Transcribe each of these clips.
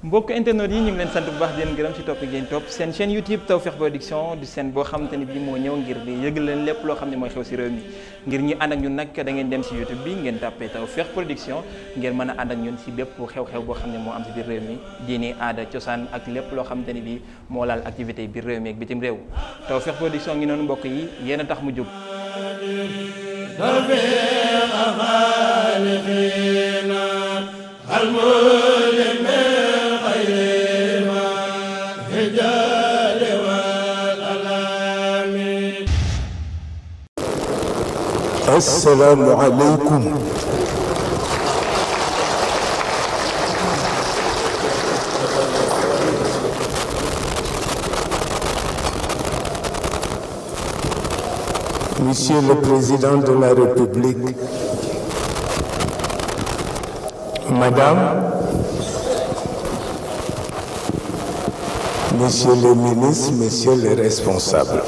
mbokk internet yi ñu ngi leen sant bu baax di leen gërëm si topp ngeen topp seen chaîne YouTube Tawfekh Production di seen boo xamante ni bii moo ñëw ngir di lépp loo xam ne mooy xew si réew mi ngir ñu ànd ak ñun nag da ngeen dem si YouTube bi ngeen tàppee Tawfekh Production ngeen mën a ànd ak ñun si bépp xew-xew boo xam ne moo am si biir réew mi diini aada cosaan ak lépp loo xamante ne bii moo laal activité biir réew mi ak bitim réew Tawfekh Production ngi noonu mbokk yi yéen a tax mu assalaamu aleykum Monsieur le Président de la République, Madame, Monsieur le ministre, Monsieur le responsable.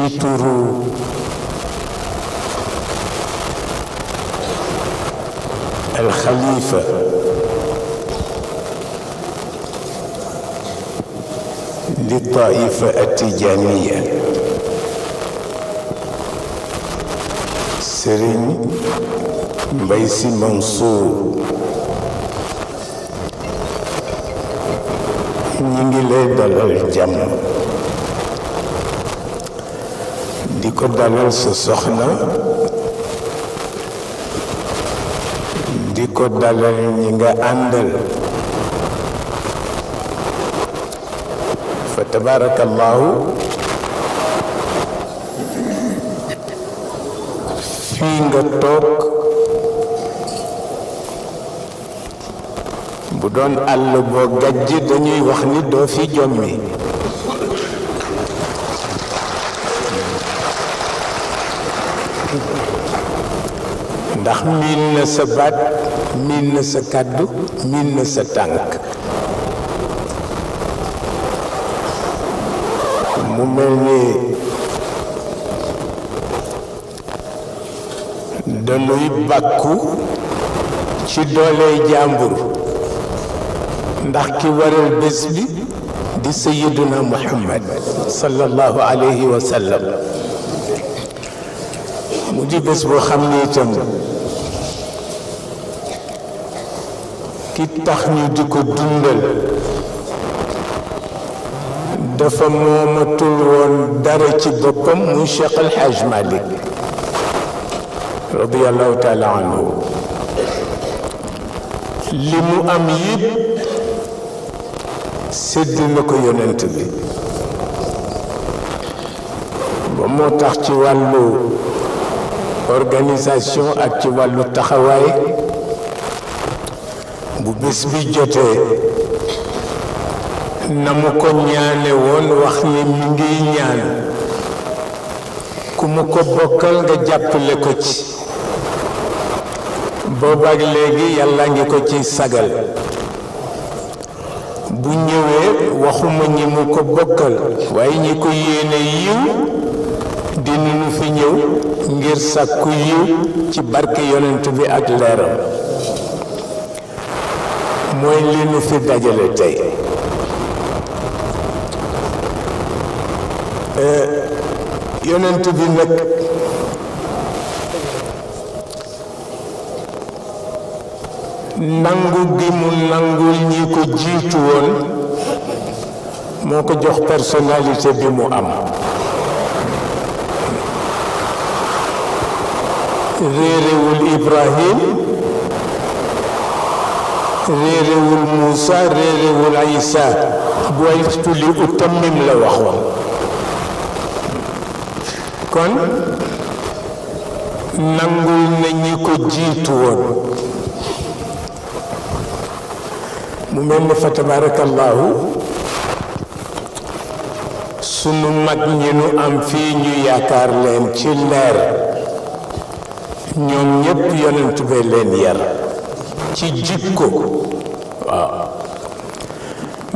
ci turu al xalifa li taifa atijaniya sëriñ mbay si mansour ñi ngi lay dalal jàmm ko dalal sa soxna di ko dalal ñi nga àndal fa tabaarakallaahu fii nga toog bu doon àll boo gàjj dañuy wax ni doo fi jommi ndax miin na sa baat miin na sa kàddu miin na sa tànk mu mel ni dañuy bàkku ci dooley jàmbur ndax ki waral bés bi di sayiduna muhammad sallallahu alayhi wa sallam mu di boo xam ni itam ki tax ñu di ko dundal dafa moomatul woon dara ci boppam muy Cheikh El Hadj Malick radiallahu taala anhu li mu am yëpp sédd na ko yonent bi ba moo tax ci wàllu organisation ak ci wàllu taxawaay bu bis bi jotee na mu ko ñaane woon wax ni mu ngi ñaan ku mu ko bokkal nga jàppale ko ci boobaak léegi yàlla ngi ko ci sagal bu ñëwee waxuma ñi mu ko bokkal waaye ñi ko yéene yiw dinañu fi ñëw ngir sàkku yiw ci barke yonent bi ak leeram mooy li nu fi dajale tey eh, yonent bi nag nangu gi mu nangul ñi ko jiitu woon moo ko jox personnalité bi mu am réerewul Ibrahim réerewul Moussa réerewul Aïssa buwaytu li utammim la waxoon kon nangul na ñi ko jiitu woon mu mel ne fa sunu mag ñi nu am fii ñu yaakaar leen ci leer ñoom ñépp yonent ba leen yar ci jikko waaw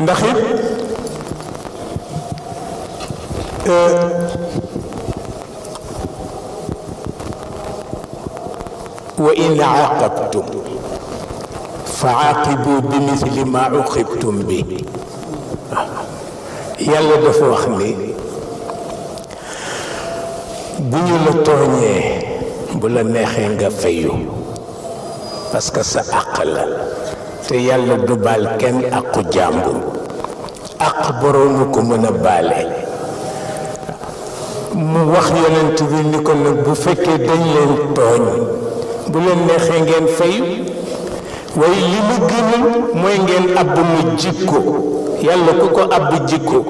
ndax it eh, wa in aaqabtum fa aaqibu bi misli ma uqibtum bi yàlla dafa wax ni bu ñu la tooñee bu la neexee nga fayu parce que sa àq la te yàlla du baal kenn àqu jàmbur àq boroomu ko mën a baale mu wax yonent bi ni ko nag bu fekkee dañ leen tooñ bu leen neexee ngeen fayu waaye li mu gënal mooy ngeen àbb mu jikko yàlla ku ko àbb jikko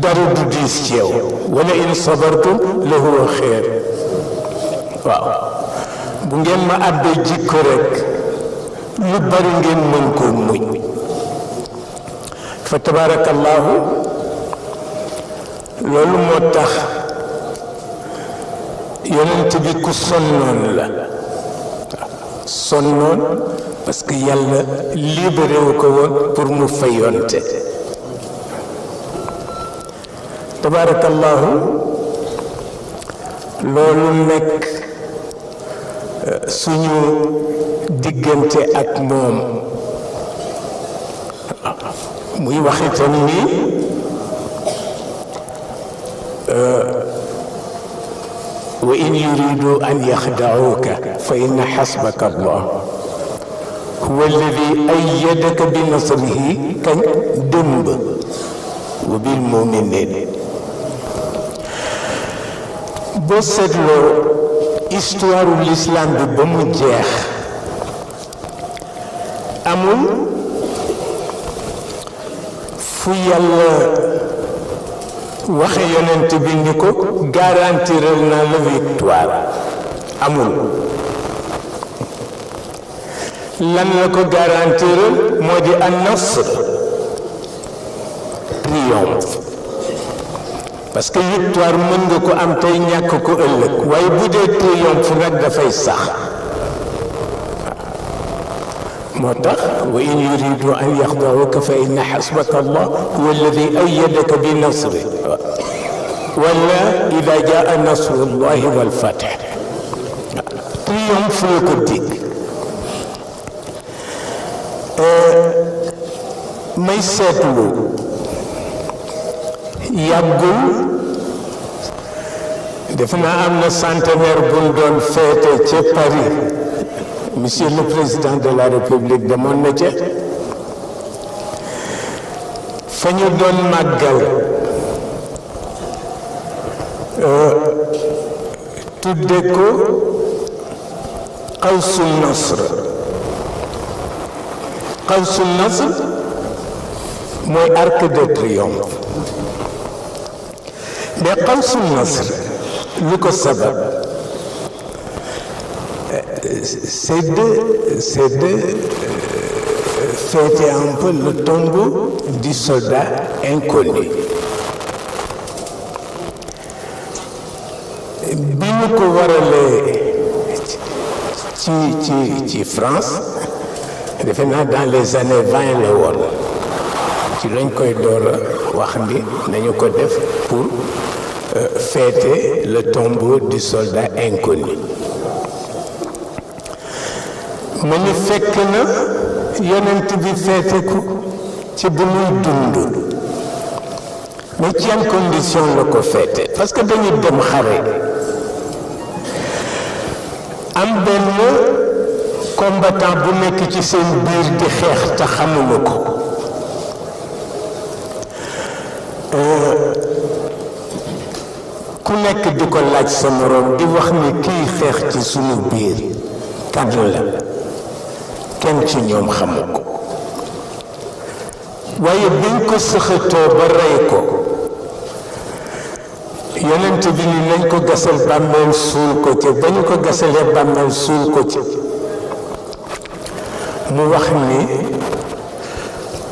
dara du diis ci yow in sabartum la huwa xeer waaw bu ngeen ma àbbee jikko rek lu bari ngeen mën koo muñ fa tabaarakallaahu loolu moo tax yonent bi ku sonnoon la sonnoon parce que yàlla libéré ko woon pour mu fayonte tabaarakallaahu loolu nekk suñu diggante ak moom muy wax itam ni wa in yuridu an yaxdauka fa inna xasbaka allah huwa alladi ayadaka bi nasrihi kañ dëmb wa bil muminin boo seetloo histoire u l'islam bi ba mu jeex amul fu yàlla waxe yonent bi ñu ko garantiral na la victoire amul lan la ko garantiral moo di an nasr parce que victoire mën nga ko am tey ñàkk ko ëllëg waaye bu dee triomphe nag dafay sax moo tax wa in yuridu an yaxdauka fa inna xasbaka allah huwa alladi ayadaka bi nasri wala ida jaa nasrullahi walfatx triomphe la ko dig euh, may seetlu yàggul defe naa am na centenaire bu ñu doon féete ca Paris monsieur le président de la république demoon na fa ñu doon màggal euh, tudde ko nasr mooy arc de triomphe de xawsul nasr lu ko sabab c'est de c'est de fêter un le tombeau soldat inconnu bi ñu ko waralee ci France defe dans les années vingt la woon ci lañ koy door a wax ni nañu ko def pour euh, fêter le tombeau du soldat inconnu mu fekk na yonent bi feete ko ci bu muy dund mais ci condition la ko feete parce que dañu dem xare am benn combattant bu nekk ci seen biir di xeex te xamuñu ko ku nekk di ko laaj sa moroom di wax ni kiy xeex ci suñu biir kàddu la kenn ci ñoom xamu ko waaye biñ ko sëxatoo ba rey ko yonent bi ni nañ ko gasal bàmmeel suul ko ci ba ko gasalee bàmmeel suul ko ci mu wax ni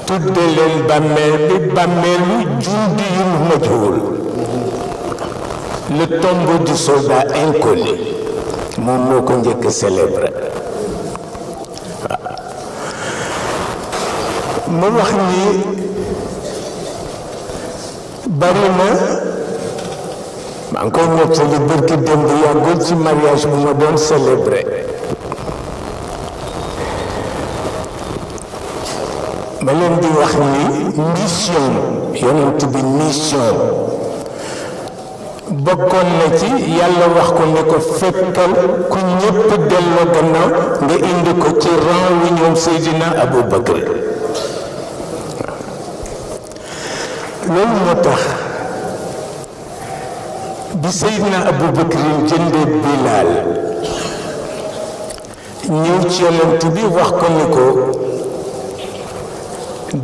tudde leen bàmmeel bi bàmmeelu jundiyul majhul le tombeau du soldat inconnu moom moo ko njëkk célébré waaw wax ni bari na maa ngi koy nettali bërki dem bu yàggul ci mariage bu ma célébré ma leen di wax ni mission yonent bi mission bokkoon na ci yàlla wax ko ne ko fekkal ku ñëpp delloo gannaaw nga indi ko ci rang wi ñoom Seydina Abu Bakr loolu moo tax bi Seydina Abu Bakr jëndee Bilaal ñëw ci bi wax ko ne ko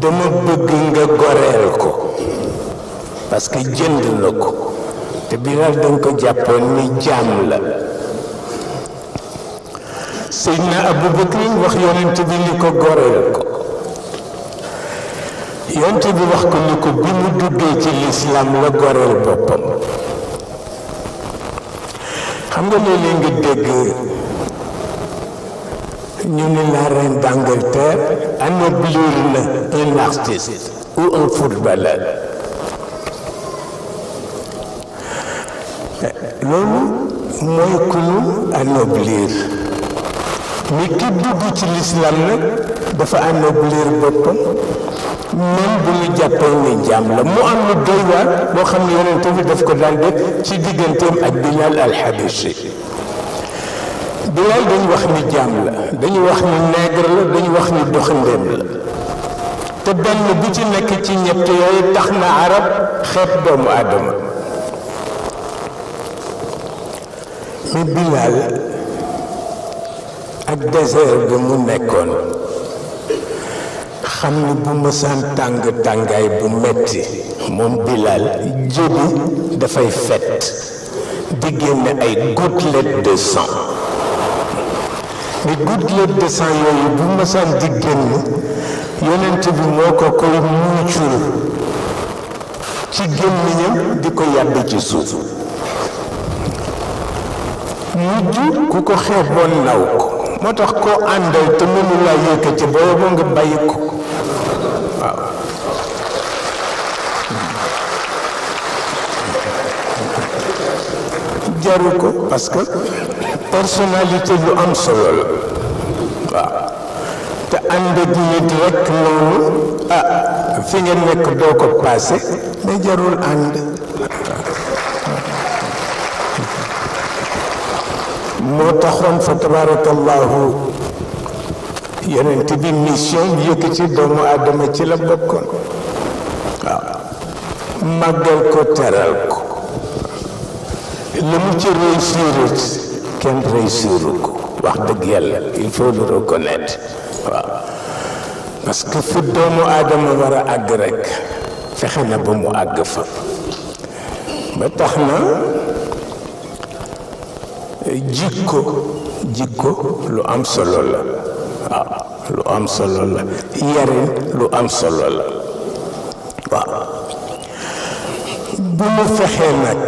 dama bëgg nga goreel ko parce jënd na ko te Bilaal dañ ko jàppoon ni jaam la Seydina Abu Bakr wax yonent bi ni ko goreel ko yonent bi wax ko ni ko bi mu duggee ci lislaam la goreel boppam xam nga léeg-léeg nga ñu ni la reine d'Angleterre anoblir na un artiste ou un footballeur loolu mooy ku ñu anoblir mais ki dugg ci lislaam nag dafa anoblir boppam même bu ñu jàppee ni jàmm la mu am lu doy waar loo xam ne yonent bi daf ko daan ci digganteem ak Bilaal al-Habashi dañu wax ni la dañu wax ni doxandéem la te benn bu ci nekk ci ñett yooyu tax na arab xeet doomu aadama fi Bilaal ak désert bi mu nekkoon xam ni bu mësaan tàng tàngaay bu metti moom Bilaal jëbi dafay fet di génne ay gouttelettes de ni gouttelettes de yooyu bu mësaan di génn yonent bi moo ko koy muucul ci gémmiñam di ko yàbb ci suuf mujj ku ko xeeboon naw ko moo tax koo àndal te mënu laa yëkkati ba yóbbu nga bàyyi ko waaw jaru ko parce que personnalité am solo la waaw te ànd ak nit rekk noonu ah fi nga nekk doo ko paase mais jarul ànd moo taxoon fa tabarakallahu yonent bi mission bi ci doomu aadama ci la bokkoon waaw màggal ko teral ko li mu ci réussirit kenn réussiru ko wax dëgg yàlla il faut le reconnaître waaw parce fu doomu aadama war a àgg rek fexe na ba mu àgg fa ba tax na jikko jikko lu am solo la waaw ah, lu am solo la yarin lu am solo la waaw bu mu fexee nag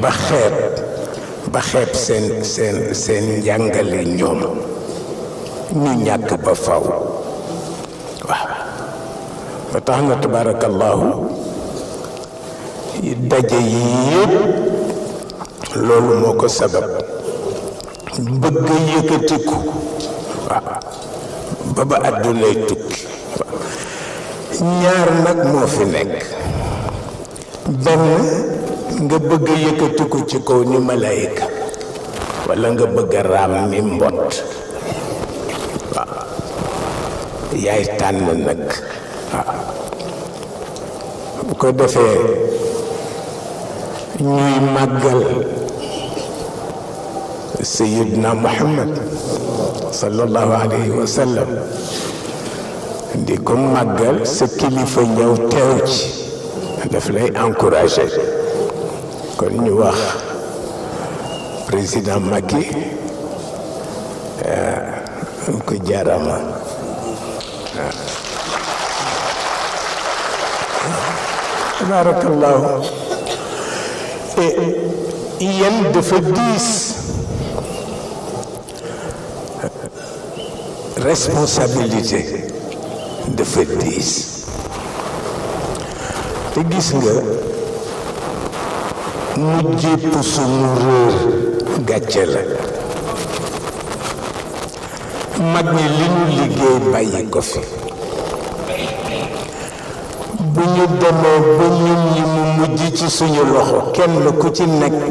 ba xeeb ba xeeb seen seen seen njàngale ñoom ñu ñàkk ba faw waaw ba tax na tabaarakallaahu daje yi yëpp loolu moo ko sabab bëgg a yëkkatiku ba ba àddunay tukki ñaar nag moo fi nekk benn nga bëgg a ci kaw ñu malayka walla nga bëgg raam ni mbott yaay tànn nag bu ko defee ñuy màggal Sayyidna Muhammad sallallahu alayhi wa sallam di ko màggal sa kilifa ñëw teew ci lay encouragé kon ñu wax président Macky am euh, ko jaarama tabarakallahu yéen dafa diis responsabilité dafa diis te gis nga mu jépp suñu réer gàcce la mag ñi li ñu liggéey bàyyi ko fi bu ñu demee ba ñun ñi mu mujj ci suñu loxo kenn ku ci nekk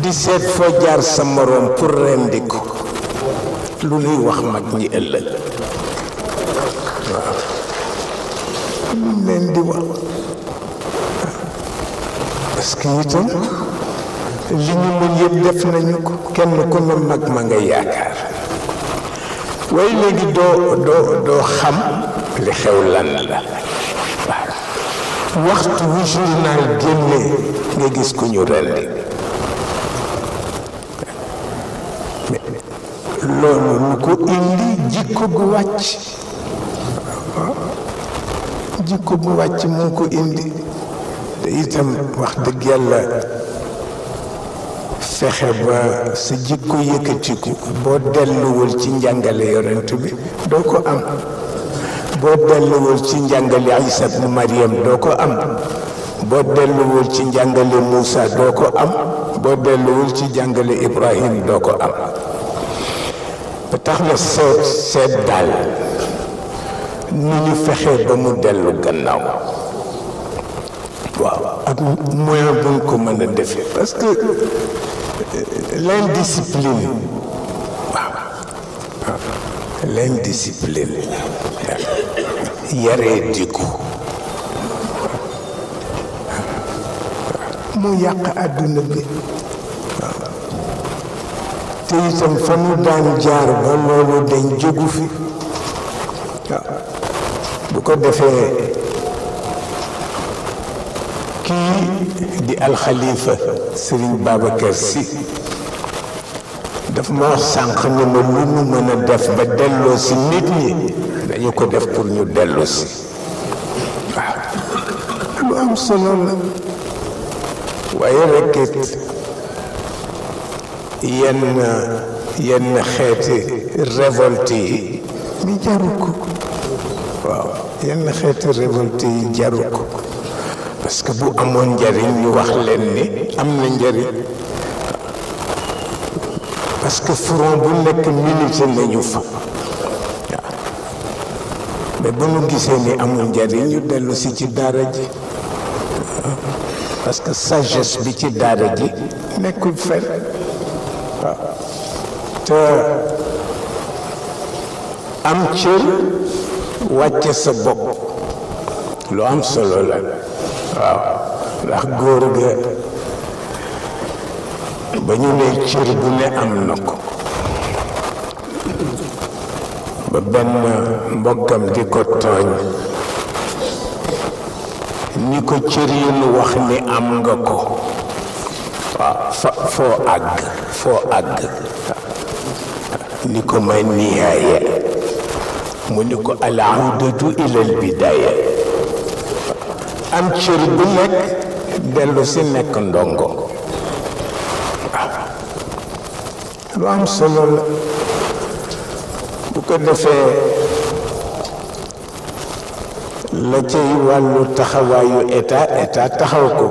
di seet foo jaar sa moroom pour rendi ko lu ñuy wax mag ñi ëllëg waaw luñ leen di wax parce que itam li ñu mën yëpp def nañu ko kenn ku ne mag ma nga yaakaar waaye léegi doo doo doo xam li xew lan la waxtu wu journal génnee nga gis ku ñu rendi te jikko bu wàcc jikko gu wàcc mu ko indi te itam wax dëgg yàlla fexe ba sa jikko yëkkatiku boo delluwul ci njàngale yonent bi doo ko am boo delluwul ci njàngale Isa bu Mariam doo ko am boo delluwul ci njàngale Moussa doo ko am boo delluwul ci njàngale Ibrahim doo ko am ba tax na seet seet daal ni ñu fexee ba mu dellu gannaaw waaw ak moyen bu ko mën a defee parce que euh, l'indiscipline waaw l'indiscipline yaree diku mu yàq àdduna bi te itam fa mu daan jaar ba loolu dañ fi bu ko defee kii di alxalifa Serigne Babacar Sy daf ma wax sànq ne ma lu mu mën a def ba delloo si nit dañu ko def pour ñu delloo lu am solo la waaye rekk yenn yenn xeeti révolte yi mi jaru ko waaw yenn xeeti révolte yi jaru ko parce que bu amoon njariñ ñu wax leen ni am na njariñ parce que front bu nekk milité nañu fa mais bu ñu gisee ni amul njariñ ñu dellusi ci daara ji parce que sagesse bi ci daara ji nekkul fen waaw te am cër wàcce sa bopp lu am solo la waaw ndax góor ga ba ñu ne cër bu ne am na ko ba benn mbokkam di ko tooñ ni ko cër yi nu wax ni am nga ko foo àgg foo àgg ni ko may nihaaya mu ni ko al awdatu ilal bidaaya am cër bu nekk dellu si nekk ndongo lu am solo la ko defee la cay wàllu taxawaayu état état taxaw ko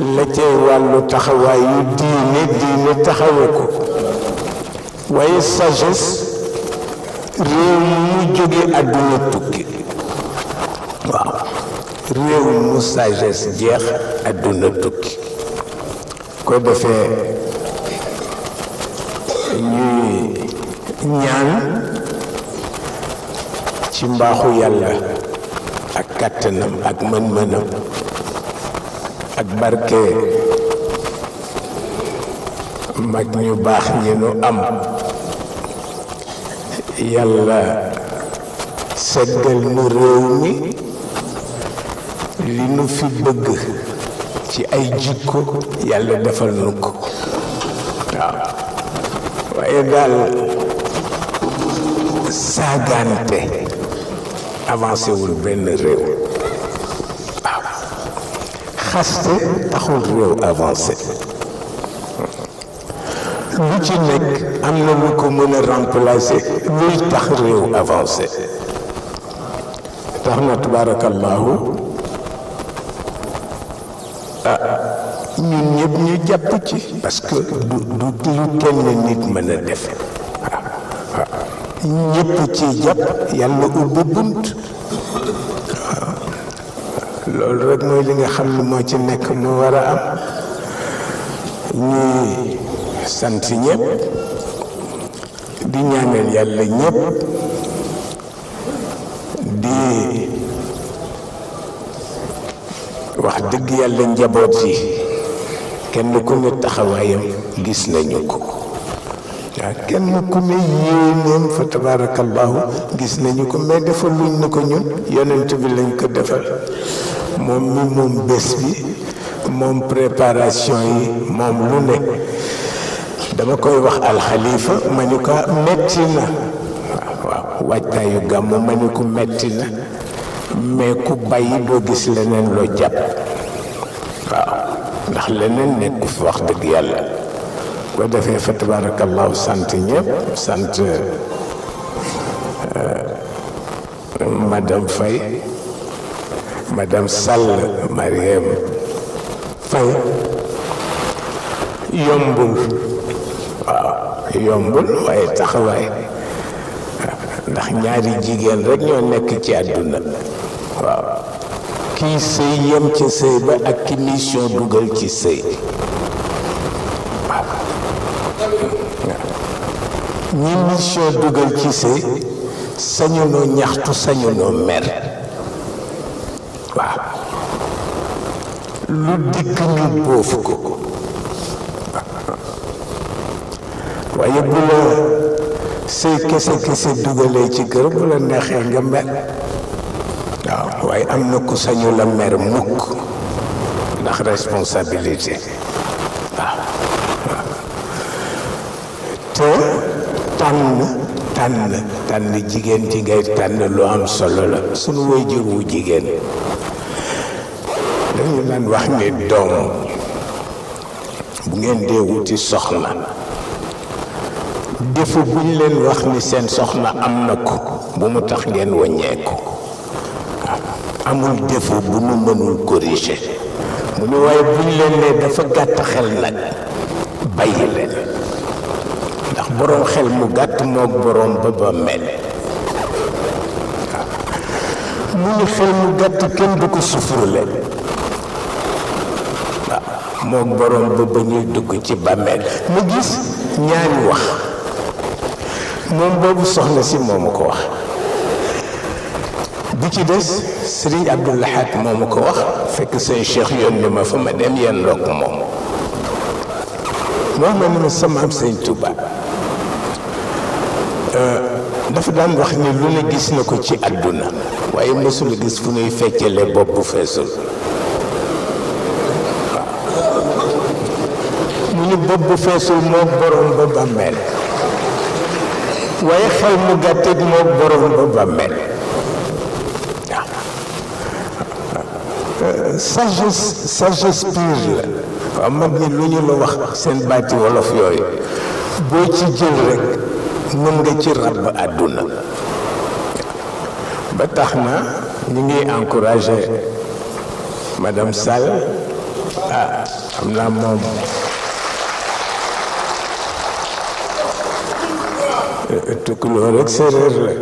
la ca wàllu taxawaayu diine diine taxawe ko waaye sagesse mu jóge àdduna tukki waaw mu sagesse jeex àdduna tukki ko defee ñuy ñaan ci mbaaxu yàlla ak kàttanam ak mën-mënam ak barke mag ñu baax ñi nu am yàlla seddal nu réew mi li nu fi bëgg ci ay jikko yàlla defal nu ko waaw waaye daal saagaante avancé wul benn réew xaste taxul réew avancé lu ci nekk am na lu ko mën a remplacer luy tax réew avancé tax na tabaarakallaahu ah, ñun ñëpp ñu jàpp ci parce que du du kenn nit mën a def waaw ci jàpp yàlla ubbi bunt loolu rek mooy li nga xam ne moo ci nekk moo war a am ñuy sant ñëpp di ñaanal yàlla ñëpp di wax dëgg yàlla njaboot si kenn ku ne taxawaayam gis nañu ko. waaw kenn ku ne yéeneem fa tabaarakallaahu gis nañu ko mais defal luñ na ko ñun yonent bi lañ ko defar moom mi moom bés bi moom préparation yi moom lu ne dama koy wax alxalifa ma ni ko metti na waaw waajtaayu gàmm ma ni ko metti na mais ku bàyyi doo gis leneen loo jàpp waaw ndax leneen nekk wax dëgg yàlla ko defee fa tabaarakallaahu sant ñëpp sant euh, madame Faye madame Sall Mariam Faye yombul waaw yombul waaye taxawaay ndax ñaari jigéen rek ñoo nekk ci àdduna waaw kii sëy yem ci sëy ba ak ki mission dugal ci sëy ñi mission dugal Cissé sañunoo ñaxtu sañunoo mer waaw lu dikk ñu bóof ko waaye bu la say kese kese dugalee ci kër bu la neexee nga mer waaw waaye am na ku sañu la mer mukk ndax responsabilité tànn tànn jigéen ci ngay tànn lu am solo la sunu waajur wu jigéen dañu naan wax ni doom bu ngeen dee wuti soxna defu buñ leen wax ni seen soxna am na ko bu mu tax ngeen wàññeeku amul defu bu nu mënul corriger mu ne waaye buñ leen ne dafa gàtt xel nag bàyyi leen boroom xel mu gàtt moog boroom ba mel mu ni xel mu gàtt kenn du ko sufurle waaw ah, boroom ba ñuy dugg ci bàmmeel mu gis ñaari wax moom boobu soxna si moomu ko wax bi ci des sëriñ Abdou Lahad moomu ko wax fekk seen cheikh yónni ma fa ma dem yenn look moom moo ma ne ma samaam sëñ Tuubaa Euh, dafa daan wax ni lu ne gis na ko ci àdduna waaye mësul gis fu ñuy feccale bopp bu feesul waaw mu ni bopp feesul moo borom ba bàmmeel waaye xel mu gàttit moo borom ba bàmmeel euh, sagesse sagesse pure la waaw mag ñi lu ñu la wax seen baati wolof yooyu boo ci jël rek mën nga ci ràbb àdduna ba tax na ñu ngi encouragé madame Sall ah xam naa moom eh, tukkulóor ak séeréer la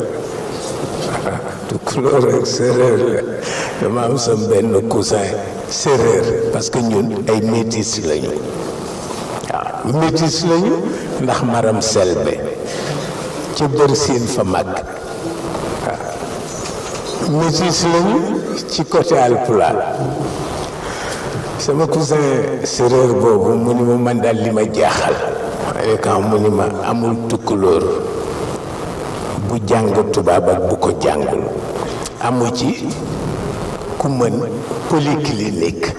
tukkulóor ak séeréer la dama am sa benn cousin séeréer parce que ay métis lañu waaw ah, métis lañu ndax maram selbe ca bër siin fa màgg waaw ci côté alpulaar sama cousin séréer boobu mu ni ma man daal li ma jaaxal mu ni ma amul tukkulóor bu jàng tubaab ak bu ko jàngul amu ci ku mën polyclinique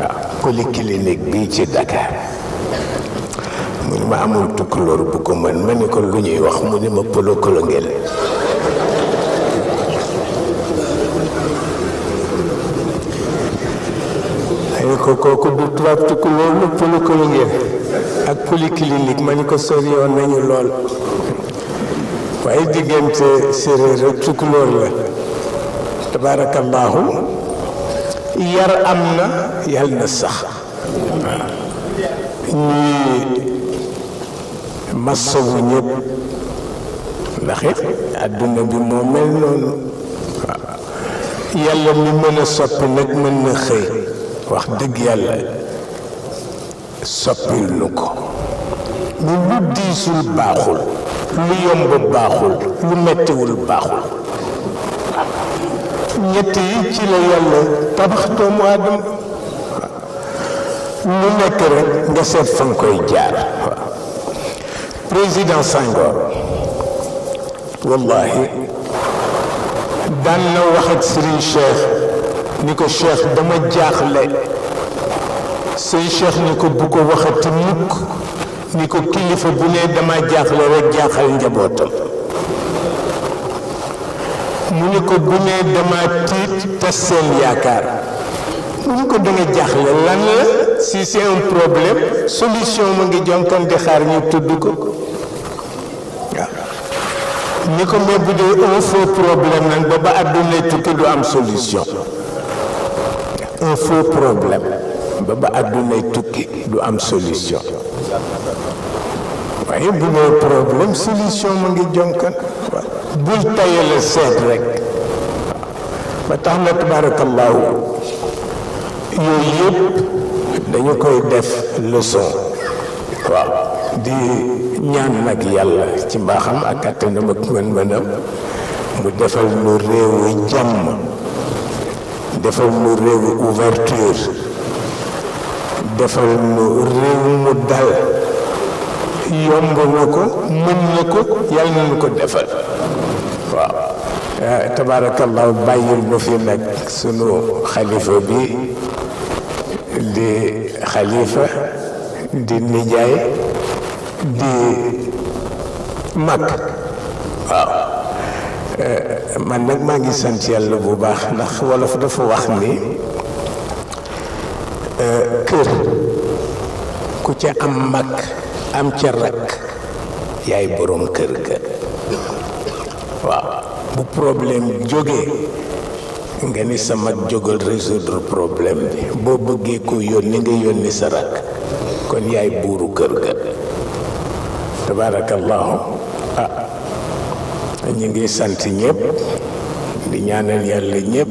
waaw polyclinique bii ci Dakar mu ni ma amul tukkulóor bu ko mën ma ni ko lu ñuy wax mu ni ma polo kolo ngel ay ko ma ni ko sori woon nañu lool waaye diggante séeréer ak tukkulóor la tabaarakallaahu yar am na yàlla na sax ñii masawu ñëpp ndax it àdduna bi moo mel noonu yàlla mi mën a soppi nag mën na xëy wax dëgg yàlla soppil nu ko lu lu diisul baaxul lu yomb baaxul lu mettiwul baaxul ñett yi ci la yàlla tabax doomu aadama lu nekk rek nga seet fa koy jaar président Senghor wallahi daan na wax ak Serigne ni ko Cheikh dama jaaxle Serigne Cheikh ni ko bu ko waxati mukk ni ko kilifa bu ne dama jaaxle rek jaaxal njabootam mu ni ko bu dama tiit tas seen yaakaar ni ko danga jaaxle lan la si c'est un problème solution mu ngi jonkoon di xaar ñu tudd ko waaw ni ko mais bu dee un faux problème nag ba ba àdduna tukki du am solution un faux problème ba ba àdduna tukki du am solution waaye bu dee problème solution mu ngi jonkoon bul tayale seet rek ba tax na tabarakallahu yooyu yëpp dañu koy def leçon waaw di ñaan nag yàlla ci mbaaxam ak kàttanam ak mën-mënam mu defal nu réewu jàmm defal nu réew mu dal yomb na ko mën na ko yàlla nu ko defal waaw eh, tabaarakallahu bàyyil nu fi nag sunu xalifa bi di xalifa di nijaay di mag waaw eh, man nag maa ngi sant yàlla bu baax ndax wolof dafa wax ni eh, kër ku ca am mag am ca rakk yaay boroom kër ga waaw bu problème jógee nga ni sa mag jógal résoudre problème bi boo bëggee ko yónni nga yónni sa rakk kon yaay buuru kër ga tabaarakallaahu ah ñu ngi sant ñëpp di ñaanal yàlla ñëpp